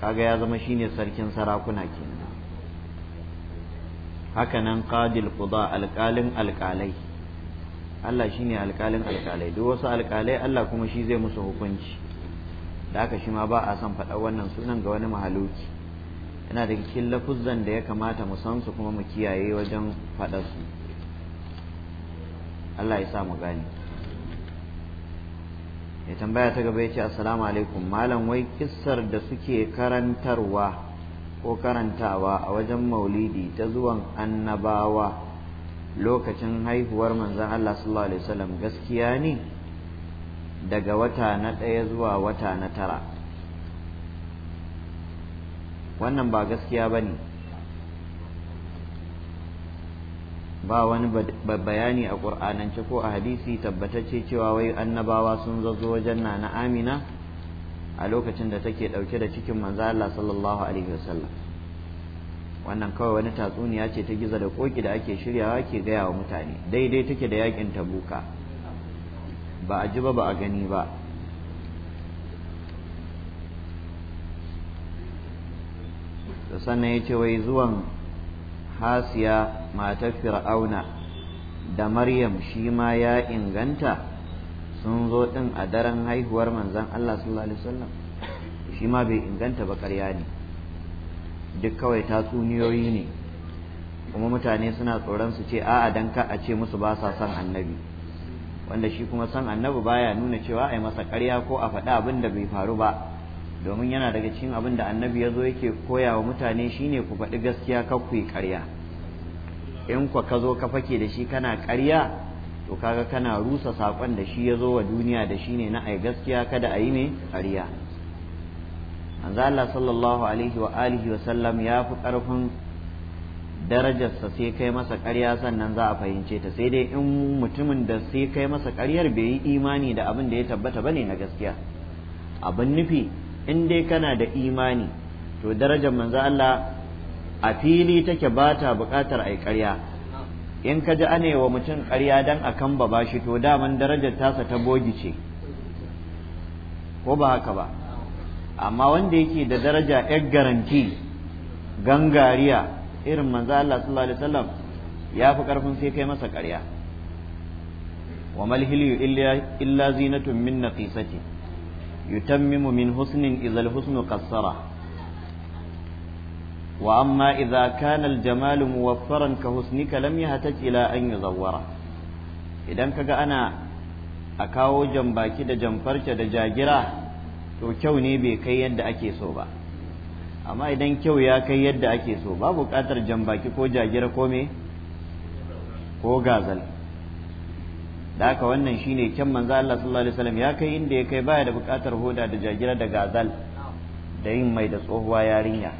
kaga ya zama shine sarkin sarakuna kenan Hakanan nan qadil quda alqalin alqalai Allah shine alqalin alqalai duk wasu alqalai Allah kuma shi zai musu hukunci da haka shi ma ba a son faɗa wannan sunan ga wani mahaluki yana da cikin lafuzzan da ya kamata mu san su kuma mu kiyaye wajen faɗa su Allah ya sa mu gani ya tambaya ta gaba ya ce assalamu alaikum malam wai kissar da suke karantarwa ko karantawa a wajen maulidi ta zuwan annabawa lokacin haihuwar manzan Allah sallallahu alaihi wasallam gaskiya ne daga wata na ɗaya zuwa wata na tara wannan ba gaskiya ba ne ba wani bayani a ƙur'anance ko a hadisi tabbatacce cewa wai annabawa sun zazo wajen na na amina a lokacin da take ɗauke da cikin manzo Allah sallallahu alaihi wasallam wannan kawai wani tatsuniya ce ta gizo da koki da ake shiryawa ke gaya wa mutane daidai take da yakin tabuka ba a ji ba ba a gani ba sannan ya ce wai zuwan hasiya matar fir'auna da maryam shi ma ya inganta sun zo ɗin a daren haihuwar manzan Allah sallallahu alaihi wasallam shi ma bai inganta ba ƙarya ne duk kawai tatsuniyoyi ne kuma mutane suna tsoron su ce a'a dan ka a ce musu ba sa son annabi wanda shi kuma san annabi baya nuna cewa a ai masa ƙarya ko a faɗi abin da bai faru ba domin yana daga cikin abin da annabi ya zo yake koya wa mutane shine ku faɗi gaskiya kar ku ƙarya in kwa ka zo ka fake da shi kana karya to kaga kana rusa saƙon da shi ya zo wa duniya da shi ne na ai gaskiya kada a yi ne ƙarya manzo Allah sallallahu alaihi wa alihi wa sallam ya fi ƙarfin darajarsa sai kai masa karya sannan za a fahimce ta sai dai in mutumin da sai kai masa karyar bai yi imani da abin da ya tabbata bane na gaskiya abin nufi in dai kana da imani to darajar manzo Allah a fili take ba ta buƙatar yi ƙarya in ka ji ane wa mutum ƙarya dan a kan ba shi to daman darajar tasa ta bogi ce ko ba haka ba amma wanda yake da daraja yar garanti gangariya irin manzo Allah sallallahu alaihi wasallam ya fi karfin sai kai masa ƙarya wa mal hilyu illa zinatun min naqisati yutammimu min husnin izal husnu qassara وأما إذا كان الجمال موفرا كحسنك لم يهتج إلى أن يزور idan kaga ana a kawo jambaki da jamfarce da jagira to kyau ne bai kai yadda ake so ba amma idan kyau ya kai yadda ake so ba buƙatar jambaki ko jagira ko me ko gazal da wannan shine kyan manzo Allah sallallahu ya kai inda ya kai baya da bukatar hoda da jagira da gazal da yin mai da tsohuwa yarinya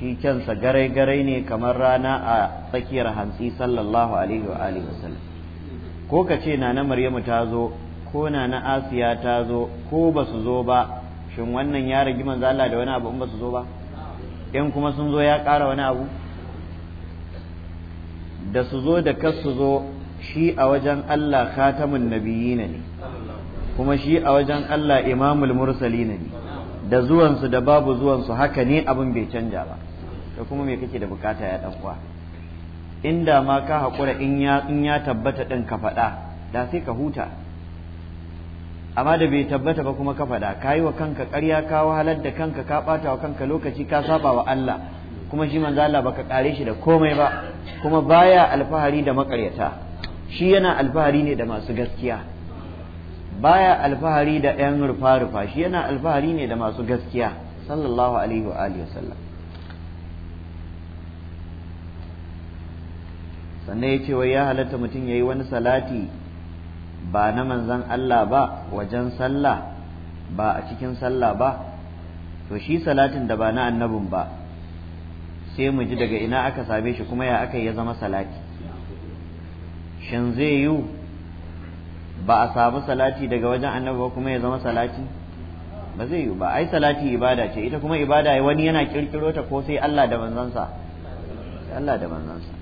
shi kyansa garai-garai ne kamar rana a tsakiyar hantsi sallallahu alaihi wa alihi wasallam ko ka ce na na maryamu ta zo ko na na asiya ta zo ko ba su zo ba shin wannan ya ragi manzo Allah da wani abu in ba su zo ba in kuma sun zo ya ƙara wani abu da su zo da kas su zo shi a wajen Allah khatamun nabiyina ne kuma shi a wajen Allah imamul mursalina ne da zuwansu da babu zuwansu haka ne abin bai canja ba da kuma me kake da bukata ya dan uwa inda ma ka haƙura in ya in ya tabbata din ka faɗa da sai ka huta amma da bai tabbata ba kuma ka faɗa ka yi wa kanka ƙarya ka wahalar da kanka ka ɓata wa kanka lokaci ka saba wa Allah kuma shi manzo Allah baka kare shi da komai ba kuma baya alfahari da makaryata shi yana alfahari ne da masu gaskiya baya alfahari da ɗan rufa-rufa shi yana alfahari ne da masu gaskiya sallallahu alaihi wa alihi wasallam sannan ya ce wai ya halatta mutum ya yi wani salati ba na manzan Allah ba wajen sallah ba a cikin sallah ba to shi salatin da ba na annabin ba sai mu ji daga ina aka same shi kuma ya aka ya zama salati shin zai yiwu ba a samu salati daga wajen annabi ba kuma ya zama salati ba zai yiwu ba ai salati ibada ce ita kuma ibada wani yana kirkiro ta ko sai Allah da manzansa Allah da manzansa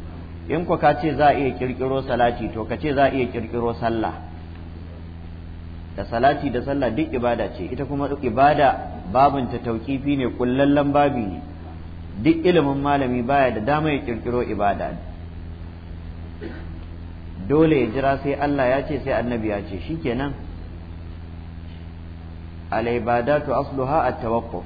in ku ka ce za a iya kirkiro salati to ka ce za a iya kirkiro sallah da salati da sallah duk ibada ce ita kuma ibada babin ta tauƙifi ne kullallan babi ne duk ilimin malami baya da dama ya kirkiro ibada dole ya jira sai Allah ya ce sai annabi ya ce shikenan al-ibadatu asluha at-tawaqquf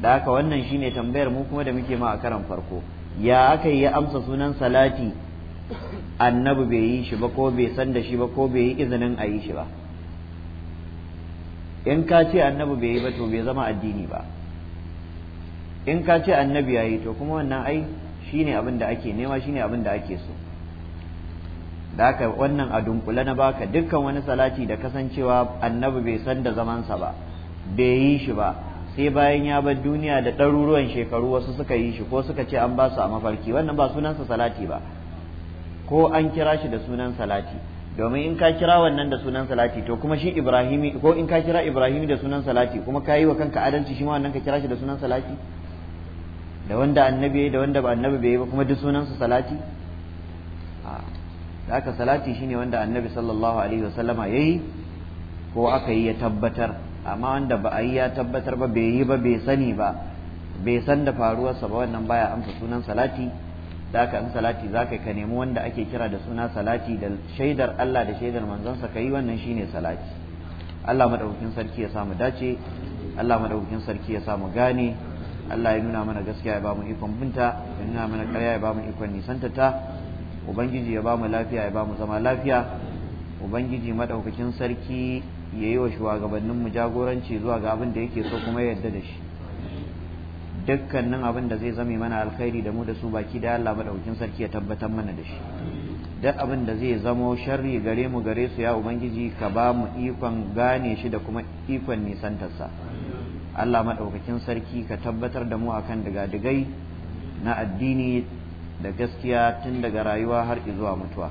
da aka wannan shine tambayar mu kuma da muke ma a karan farko ya aka yi amsa sunan salati annabi bai yi shi ba ko bai san da shi ba ko bai yi izinin a yi shi ba in ka ce annabi bai yi ba to bai zama addini ba in ka ce annabi ya yi to kuma wannan ai shine abin da ake nema shine abin da ake so da haka wannan a dunkule na baka dukkan wani salati da kasancewa annabi bai san da zamansa ba bai yi shi ba sai bayan ya bar duniya da ɗaruruwan shekaru wasu suka yi shi ko suka ce an ba su a mafarki wannan ba sunansa salati ba ko an kira shi da sunan salati domin in ka kira wannan da sunan salati to kuma shi ibrahimi ko in ka kira ibrahimi da sunan salati kuma ka yi wa kanka adalci shi ma wannan ka kira shi da sunan salati da wanda annabi da wanda ba annabi bai yi ba kuma duk sunansa salati a haka salati shine wanda annabi sallallahu alaihi wasallama yayi ko aka yi ya tabbatar amma wanda ba a yi ya tabbatar ba bai yi ba bai sani ba bai san da faruwarsa ba wannan baya amsa sunan salati da ka in salati za ka ka nemi wanda ake kira da suna salati da shaidar Allah da shaidar manzansa ka yi wannan shine salati Allah madaukakin sarki ya samu dace Allah madaukakin sarki ya sa mu gane Allah ya nuna mana gaskiya ya ba mu ikon binta ya nuna mana ƙarya ya ba mu ikon nisanta ta ubangiji ya ba mu lafiya ya ba mu zama lafiya ubangiji madaukakin sarki ya yi wa shugabanninmu jagoranci zuwa ga abin da yake so kuma yadda da shi dukkanin abin da zai zame mana alkhairi da mu da su baki da Allah madaukakin sarki ya tabbatar mana da shi duk abin da zai zamo sharri gare mu gare su ya ubangiji ka ba mu ikon gane shi da kuma ikon nisantarsa Allah madaukakin sarki ka tabbatar da mu akan diga-digai na addini da gaskiya tun daga rayuwa har zuwa mutuwa